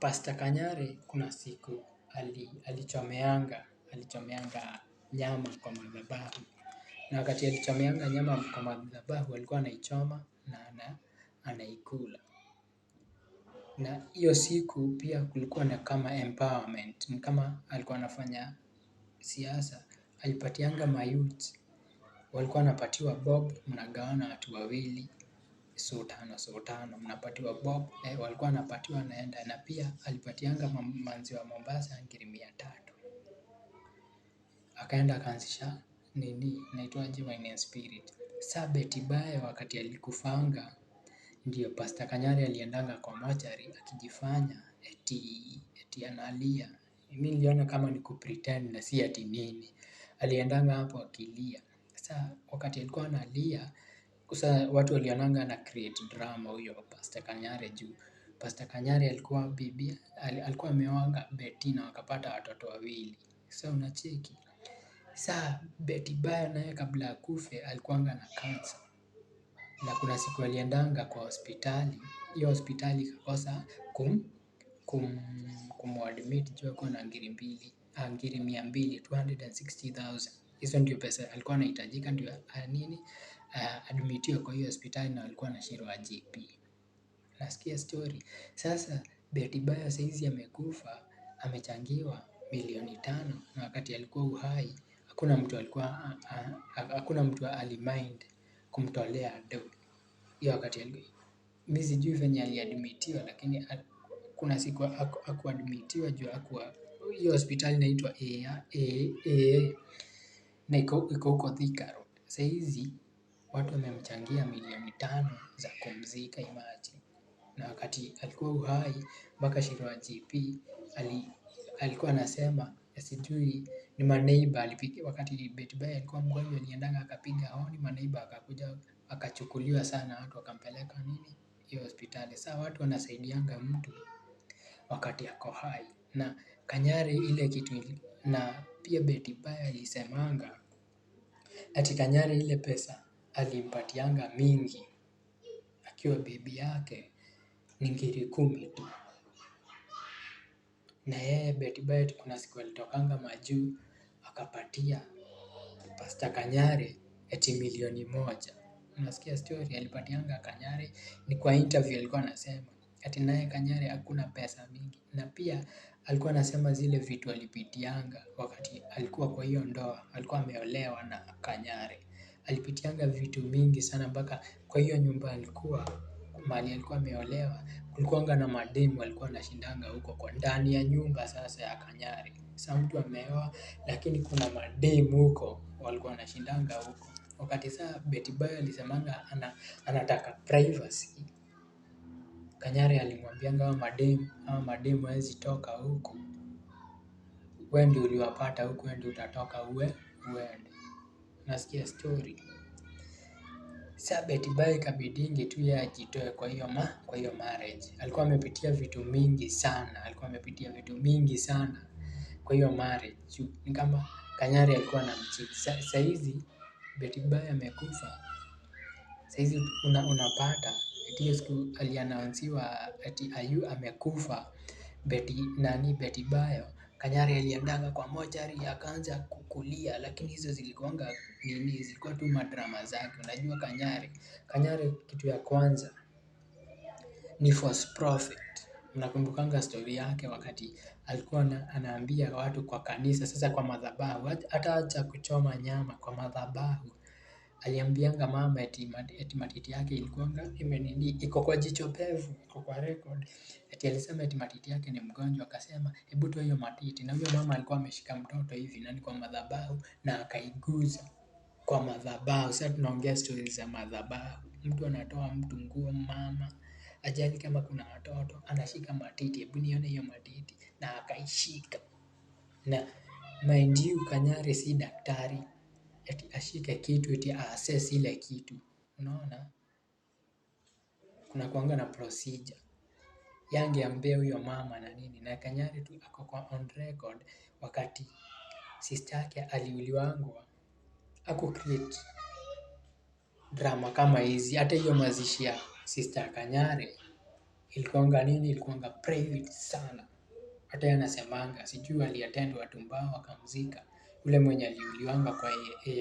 Pasta Kanyari kuna siku alichomeanga alichomeanga nyama kwa madhabahu. Na wakati alichomeanga nyama kwa madhabahu alikuwa anaichoma na anaikula. Na hiyo siku pia kulikuwa na kama empowerment. Ni kama alikuwa anafanya siasa. Alipatianga mayuti Walikuwa wanapatiwa bob mnagawana watu wawili so tano so tano mnapatiwa bob eh, walikuwa anapatiwa naenda, na pia alipatianga manzi wa Mombasa ngiri mia tatu akaenda akaanzisha nini naitwa wine and spirit. Saa Betty wakati alikufanga, ndio Pastor Kanyari aliendanga kwa mochari akijifanya eti eti analia. Mimi niliona kama ni kupretend na si ati nini, aliendanga hapo akilia. Sasa wakati alikuwa analia kusa watu walionanga na create drama huyo Pastor Kanyare juu Pastor Kanyare alikuwa bibi alikuwa ameoanga Betty na wakapata watoto wawili. Sasa unacheki. Sasa Betty baya naye kabla akufe alikuanga na cancer. Na kuna siku aliendanga kwa hospitali, hiyo hospitali ikakosa kum kum kumuadmit juu alikuwa na ngiri mbili, ah, ngiri mia mbili, 260,000. Hizo ndio pesa alikuwa anahitajika ndio ah, nini uh, admitiwe kwa hiyo hospitali na walikuwa na shiro wa GP. Nasikia story. Sasa Betty Bayo saizi amekufa, amechangiwa milioni tano na wakati alikuwa uhai hakuna mtu alikuwa hakuna mtu alimind kumtolea do hiyo wakati mi sijui venye aliadmitiwa, lakini a, kuna siku akuadmitiwa juu akuwa hiyo hospitali inaitwa a na iko huko Thika Road sahizi watu wamemchangia milioni tano za kumzika Imaji, na wakati alikuwa uhai mpaka Shirwa GP ali, alikuwa anasema sijui ni maneiba wakati Betbay alikuwa mgonjwa, aliendanga akapiga honi, oh, maneiba akakuja akachukuliwa sana, watu wakampeleka nini hiyo hospitali. Saa watu wanasaidianga mtu wakati ako hai, na Kanyari ile kitu na pia Betbay alisemanga ati Kanyari ile pesa alimpatianga mingi akiwa bibi yake ni ngiri kumi tu. Na yeye Betbet kuna siku alitokanga majuu akapatia Pasta Kanyare eti milioni moja. Unasikia story alipatianga Kanyare, ni kwa interview alikuwa anasema ati naye Kanyare hakuna pesa mingi, na pia alikuwa anasema zile vitu alipitianga wakati alikuwa kwa hiyo ndoa, alikuwa ameolewa na Kanyare alipitianga vitu mingi sana mpaka kwa hiyo nyumba alikuwa mali alikuwa ameolewa kulikuanga na mademu alikuwa anashindanga huko kwa ndani ya nyumba sasa ya Kanyari. Sasa mtu ameoa lakini kuna mademu huko walikuwa anashindanga huko. Wakati saa Betty Bayo alisemanga ana, anataka privacy. Kanyari alimwambianga hawa mademu, ama mademu hawezi toka huku. Wewe ndio uliwapata huku, wewe ndio utatoka uwe uende nasikia story. Sa bae kabidingi tu ya ajitoe kwa hiyo ma, kwa hiyo marriage. Alikuwa amepitia vitu mingi sana, alikuwa amepitia vitu mingi sana kwa hiyo marriage. Ni kama Kanyari alikuwa na mchiki. Sa, saizi Betty Bai amekufa. Saizi una, unapata ati hiyo siku alianaunsiwa ati Ayu amekufa. Beti nani Betty Bae Kanyari aliandanga kwa mochari akaanza kukulia, lakini hizo zilikuanga nini, zilikuwa tu madrama zake. Unajua Kanyari, Kanyari kitu ya kwanza ni false prophet. Mnakumbukanga stori yake wakati alikuwa anaambia watu kwa kanisa, sasa kwa madhabahu, hata acha kuchoma nyama kwa madhabahu, aliambianga mama eti matiti yake ilikuwanga imenini iko kwa jicho pevu, iko kwa record. Eti alisema eti matiti yake ni mgonjwa, akasema hebu toa hiyo matiti. Na huyo mama alikuwa ameshika mtoto hivi na ni kwa madhabahu na akaiguza kwa madhabahu. Sasa tunaongea stories za madhabahu, mtu anatoa mtu nguo, mama ajali kama kuna watoto anashika matiti, hebu nione hiyo matiti, na akaishika. Na mind you Kanyari si daktari eti ashike kitu eti assess ile kitu. Unaona? kuanga na procedure. yange angeambia huyo mama na nini na Kanyari tu ako kwa on record wakati sister yake aliuliwangwa aku create drama kama hizi. Hata hiyo mazishi ya sister Kanyari ilikuanga nini? Ilikuanga private sana. Hata yanasemanga sijui aliattend watu mbao wakamzika ule mwenye aliuliwanga kwa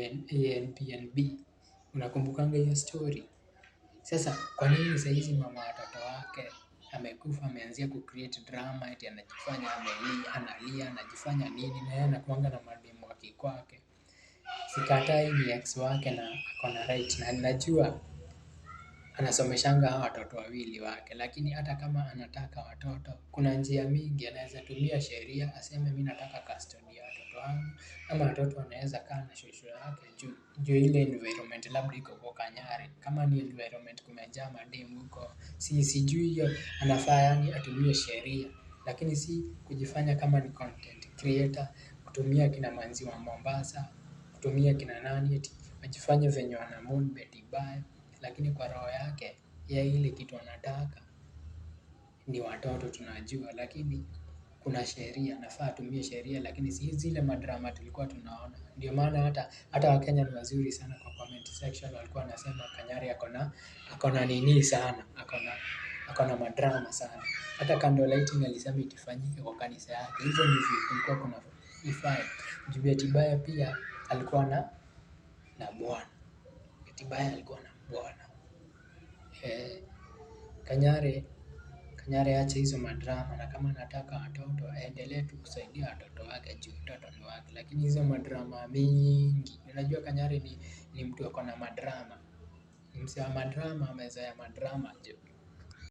ANPNB, unakumbukanga hiyo story? Sasa kwa nini saizi mama watoto wake amekufa, ameanzia ku create drama eti anajifanya amelia, analia, anajifanya nini, na yeye anakuanga na mademu wake kwake. Sikatai ni ex wake na ako na right, na najua anasomeshanga hawa watoto wawili wake, lakini hata kama anataka watoto, kuna njia mingi anaweza tumia sheria, aseme mimi nataka custody ya watoto wangu ama watoto wanaweza kaa na shosho yake juu ile environment labda iko kwa Kanyari kama ni environment kumejaa mademu huko si sijui hiyo anafaa yani atumie sheria lakini si kujifanya kama ni content creator kutumia kina manzi wa Mombasa kutumia kina nani eti wajifanye venye moon bed vibaya lakini kwa roho yake ya ile kitu anataka ni watoto tunajua lakini kuna sheria, nafaa atumie sheria lakini si zile madrama tulikuwa tunaona. Ndio maana hata hata wakenya ni wazuri sana kwa comment section walikuwa wanasema Kanyari ako na ako na nini sana, ako na ako na madrama sana. Hata candle lighting alisema itifanyike kwa kanisa yake. hizo ndivyo kulikuwa kuna ifai. Juu Tibaya pia alikuwa na na bwana. Tibaya, alikuwa na bwana. Eh, Kanyari Nyare aache hizo madrama na kama anataka watoto aendelee tu kusaidia watoto wake juu mtoto ni wake, lakini hizo madrama mingi. Unajua Kanyari ni, ni mtu ako na madrama, ni msee wa madrama, amezoea madrama.